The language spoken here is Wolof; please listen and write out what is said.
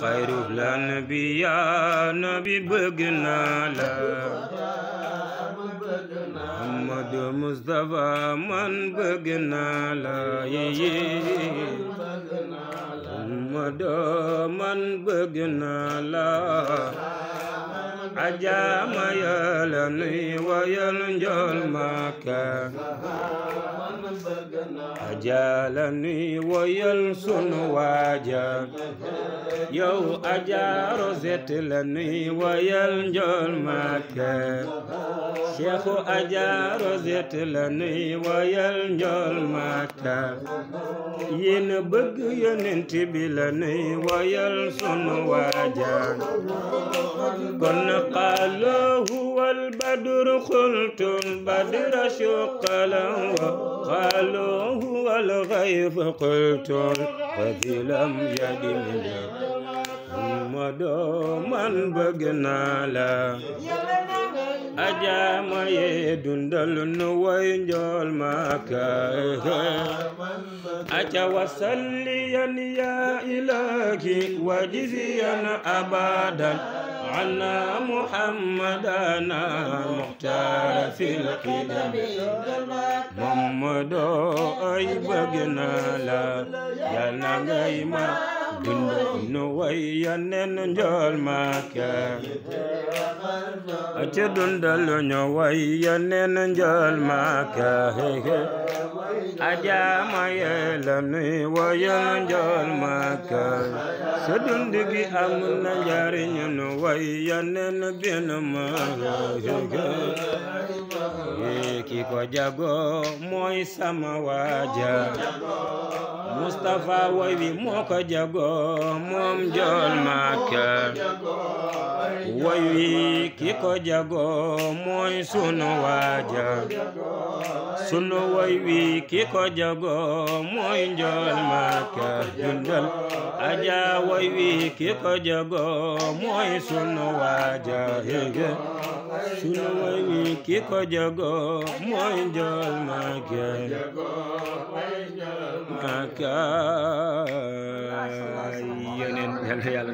xayru la nabi ya nabi bëgg naa la Muhammadu Mustafa man bëgg naa la yeye Muhammadu man bëgg naa la ajaama yàlla nuy wayal njool maaka ajaala nuy wayal sunu waaja yow ajaa Rosette la nuy wayal njool maaka Cheikhu ajaa Rosette la nuy wayal njool maaka yéen bëgg yonent bi la nuy wayal sunu waaja قل قال هو البدر قلت البدر شق له قالوا هو الغيب قلت الغيب لم يدمني محمد من بغنا لا ajaama yee dundal nu way njool maaka aca wasalliyan yaa ilaahi wajiziyan abadan عنا محمدا مختار في القدم محمد أي بغنا لا يا نغيما nu way ya nen njool maaka aca dundal ñu way ya nen njool maaka aja ma yeela nuy wayal njool maaka sa dund am na njariñ nu way yanen benn maga ki ko jago mooy sama waaja Mustafa way wi moo ko jago moom jool maka way wi ki ko jago mooy sunu waaja sunu woy wi ki ko jago mooy njool maka jundal aja woy wi ki ko mooy sunu waaja hege sunu woy wi ki ko mooy njool maka yeneen yàlla